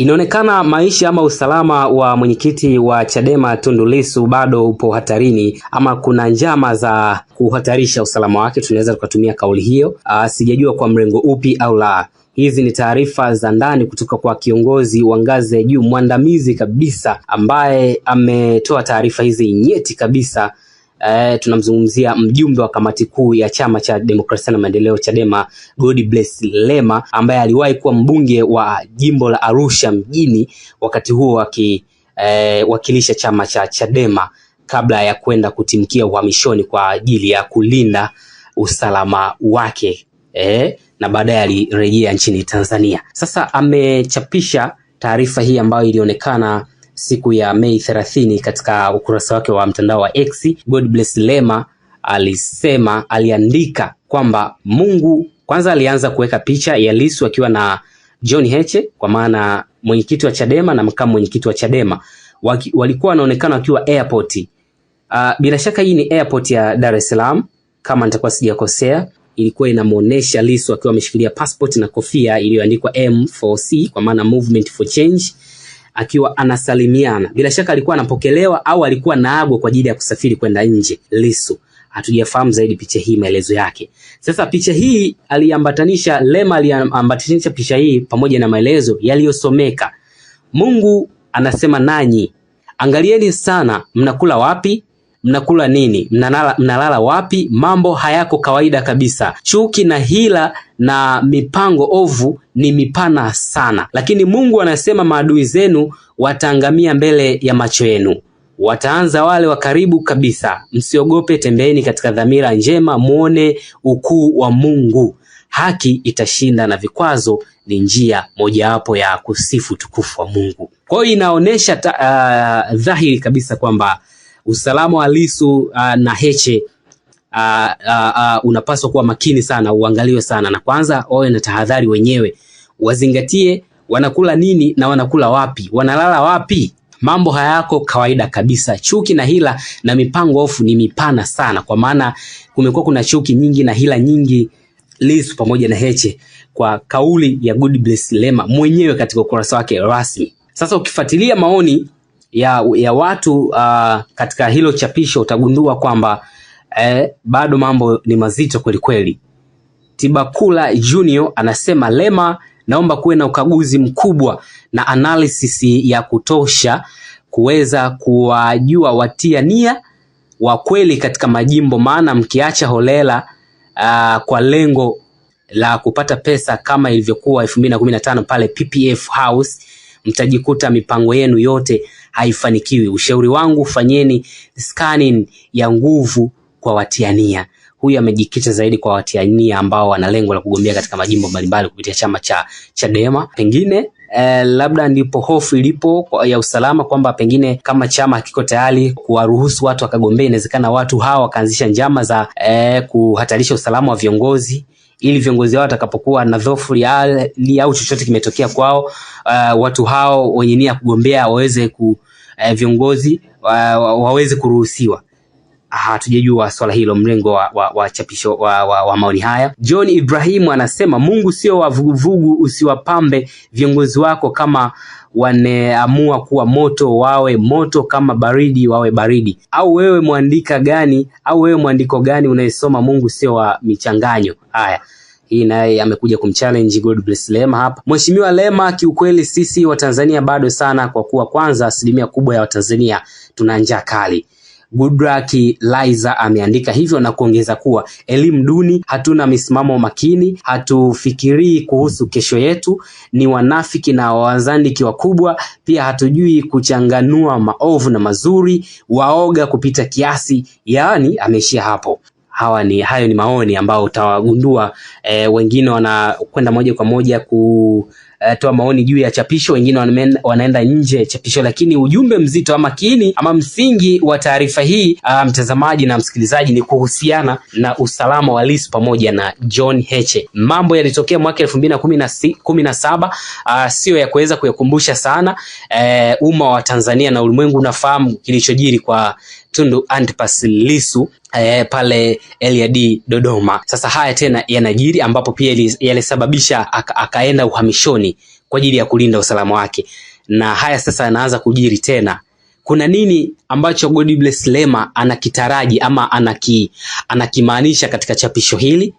Inaonekana maisha ama usalama wa mwenyekiti wa Chadema Tundu Lissu bado upo hatarini, ama kuna njama za kuhatarisha usalama wake, tunaweza tukatumia kauli hiyo. Aa, ah, sijajua kwa mrengo upi au la. Hizi ni taarifa za ndani kutoka kwa kiongozi wa ngazi ya juu mwandamizi kabisa, ambaye ametoa taarifa hizi nyeti kabisa. Eh, tunamzungumzia mjumbe wa kamati kuu ya chama cha demokrasia na maendeleo Chadema, bless Lema ambaye aliwahi kuwa mbunge wa jimbo la Arusha mjini wakati huo wakiwakilisha eh, wakilisha chama cha Chadema kabla ya kwenda kutimkia uhamishoni kwa ajili ya kulinda usalama wake eh, na baadaye alirejea nchini Tanzania. Sasa amechapisha taarifa hii ambayo ilionekana siku ya Mei 30 katika ukurasa wake wa mtandao wa X, Godbless Lema alisema, aliandika kwamba Mungu kwanza alianza kuweka picha ya Lissu akiwa na John Heche kwa maana mwenyekiti wa Chadema na makamu mwenyekiti wa Chadema waki, walikuwa wanaonekana wakiwa airport. Uh, bila shaka hii ni airport ya Dar es Salaam kama nitakuwa sijakosea. Ilikuwa inamuonesha Lissu akiwa ameshikilia passport na kofia iliyoandikwa M4C kwa maana Movement for Change akiwa anasalimiana. Bila shaka alikuwa anapokelewa au alikuwa naagwa kwa ajili ya kusafiri kwenda nje. Lissu hatujafahamu zaidi picha hii maelezo yake. Sasa picha hii aliambatanisha, Lema aliambatanisha picha hii pamoja na maelezo yaliyosomeka: Mungu anasema nanyi, angalieni sana mnakula wapi, mnakula nini, mnalala, mnalala wapi? Mambo hayako kawaida kabisa. Chuki na hila na mipango ovu ni mipana sana, lakini Mungu anasema maadui zenu wataangamia mbele ya macho yenu wataanza wale wa karibu kabisa. Msiogope, tembeeni katika dhamira njema, muone ukuu wa Mungu. Haki itashinda na vikwazo ni njia mojawapo ya kusifu tukufu wa Mungu. Kwa hiyo inaonyesha uh, ah, dhahiri kabisa kwamba usalama wa Lissu uh, na Heche uh, uh, uh, unapaswa kuwa makini sana, uangaliwe sana, na kwanza wawe na tahadhari wenyewe, wazingatie wanakula nini na wanakula wapi, wanalala wapi. Mambo hayako kawaida kabisa. Chuki na hila na mipango ofu ni mipana sana, kwa maana kumekuwa kuna chuki nyingi na hila nyingi Lissu pamoja na Heche, kwa kauli ya Godbless Lema mwenyewe katika ukurasa wake rasmi. Sasa ukifuatilia maoni ya, ya watu uh, katika hilo chapisho utagundua kwamba eh, bado mambo ni mazito kweli kweli. Tibakula Junior anasema Lema, naomba kuwe na ukaguzi mkubwa na analysis ya kutosha kuweza kuwajua watia nia wa kweli katika majimbo, maana mkiacha holela uh, kwa lengo la kupata pesa kama ilivyokuwa 2015 pale PPF House mtajikuta mipango yenu yote haifanikiwi. Ushauri wangu fanyeni scanning ya nguvu kwa watiania. Huyu amejikita zaidi kwa watiania ambao wana lengo la kugombea katika majimbo mbalimbali kupitia chama cha Chadema pengine Eh, labda ndipo hofu ilipo ya usalama kwamba pengine kama chama hakiko tayari kuwaruhusu watu wakagombea, inawezekana watu hawa wakaanzisha njama za eh, kuhatarisha usalama wa viongozi ili viongozi wao watakapokuwa na dhofu ya au chochote kimetokea kwao, uh, watu hao wenye nia kugombea waweze ku, uh, viongozi uh, waweze kuruhusiwa hatujajua swala hilo, mlengo wa, wa, wa chapisho wa, wa, wa maoni haya. John Ibrahimu anasema Mungu sio wavuguvugu, usiwapambe viongozi wako kama waneamua kuwa moto wawe moto, kama baridi wawe baridi. Au wewe mwandika gani? Au wewe mwandiko gani unayesoma Mungu sio wa michanganyo? Haya, hii naye amekuja kumchallenge God bless Lema hapa. Mheshimiwa Lema, kiukweli sisi Watanzania bado sana, kwa kuwa kwanza asilimia kubwa ya Watanzania tuna njaa kali. Gudraki liza ameandika hivyo na kuongeza kuwa elimu duni, hatuna misimamo makini, hatufikirii kuhusu kesho yetu, ni wanafiki na wazandiki wakubwa. Pia hatujui kuchanganua maovu na mazuri, waoga kupita kiasi. Yaani ameishia hapo. Hawa ni hayo ni maoni ambayo utawagundua, e, wengine wanakwenda moja kwa moja ku uh, toa maoni juu ya chapisho, wengine wanaenda nje ya chapisho, lakini ujumbe mzito ama kini ama msingi wa taarifa hii uh, mtazamaji na msikilizaji ni kuhusiana na usalama wa Lissu pamoja na John Heche. Mambo yalitokea mwaka elfu mbili na kumi na saba uh, sio ya kuweza kuyakumbusha sana eh, umma wa Tanzania na ulimwengu unafahamu kilichojiri kwa Tundu Antipas Lisu eh, pale LAD Dodoma. Sasa haya tena yanajiri ambapo pia yalisababisha aka, akaenda uhamishoni kwa ajili ya kulinda usalama wake, na haya sasa yanaanza kujiri tena. Kuna nini ambacho Godbless Lema anakitaraji ama anaki anakimaanisha katika chapisho hili?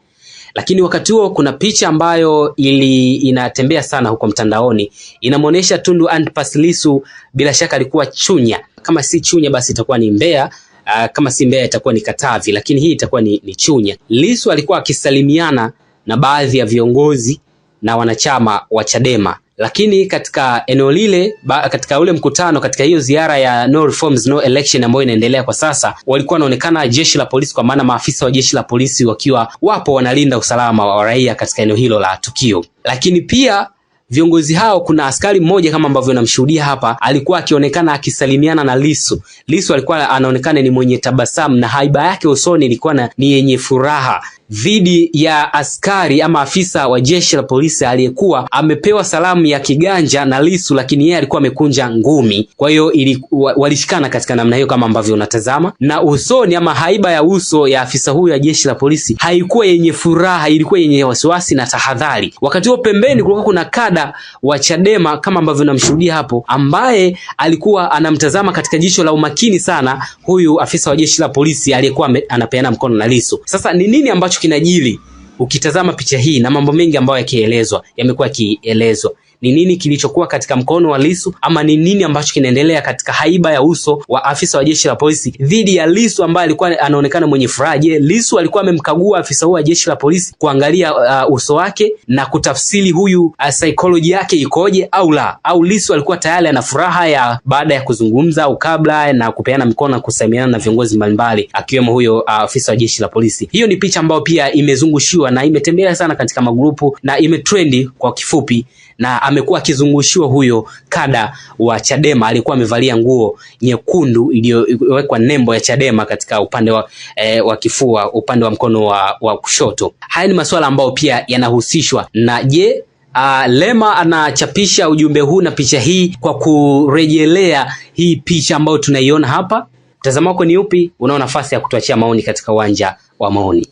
Lakini wakati huo kuna picha ambayo ili inatembea sana huko mtandaoni inamwonyesha Tundu Antipas Lissu, bila shaka alikuwa Chunya kama si Chunya basi itakuwa ni Mbeya. Uh, ah, kama si Mbeya itakuwa ni Katavi, lakini hii itakuwa ni, ni Chunya. Lissu alikuwa akisalimiana na baadhi ya viongozi na wanachama wa Chadema, lakini katika eneo lile, katika ule mkutano, katika hiyo ziara ya no reforms, no election ambayo inaendelea kwa sasa, walikuwa wanaonekana jeshi la polisi, kwa maana maafisa wa jeshi la polisi wakiwa wapo wanalinda usalama wa raia katika eneo hilo la tukio, lakini pia Viongozi hao kuna askari mmoja kama ambavyo namshuhudia hapa, alikuwa akionekana akisalimiana na lisu lisu alikuwa anaonekana ni mwenye tabasamu na haiba yake usoni ilikuwa ni yenye furaha dhidi ya askari ama afisa wa jeshi la polisi aliyekuwa amepewa salamu ya kiganja na Lissu, lakini yeye alikuwa amekunja ngumi. Kwa hiyo walishikana katika namna hiyo kama ambavyo unatazama, na usoni ama haiba ya uso ya afisa huyo ya jeshi la polisi haikuwa yenye furaha, ilikuwa yenye wasiwasi na tahadhari. Wakati huo pembeni kulikuwa kuna kada wa Chadema kama ambavyo unamshuhudia hapo, ambaye alikuwa anamtazama katika jicho la umakini sana huyu afisa wa jeshi la polisi aliyekuwa anapeana mkono na Lissu. Sasa ni nini ambacho kinajili ukitazama picha hii na mambo mengi ambayo yakielezwa yamekuwa yakielezwa ni nini kilichokuwa katika mkono wa Lissu ama ni nini ambacho kinaendelea katika haiba ya uso wa afisa wa jeshi la polisi dhidi ya Lissu ambaye alikuwa anaonekana mwenye furaha. Je, Lissu alikuwa amemkagua afisa huyo wa jeshi la polisi kuangalia uh, uso wake na kutafsiri huyu uh, psychology yake ikoje au la? Au Lissu alikuwa tayari ana furaha ya baada ya kuzungumza au kabla na kupeana mikono na kusalimiana na viongozi mbalimbali akiwemo huyo uh, afisa wa jeshi la polisi. Hiyo ni picha ambayo pia imezungushiwa na imetembea sana katika magrupu na imetrendi kwa kifupi na amekuwa akizungushiwa huyo kada wa Chadema, alikuwa amevalia nguo nyekundu iliyowekwa nembo ya Chadema katika upande wa, e, wa kifua upande wa mkono wa, wa kushoto. Haya ni masuala ambayo pia yanahusishwa na je Uh, Lema anachapisha ujumbe huu na picha hii kwa kurejelea hii picha ambayo tunaiona hapa. Mtazamo wako ni upi? Unao nafasi ya kutuachia maoni katika uwanja wa maoni.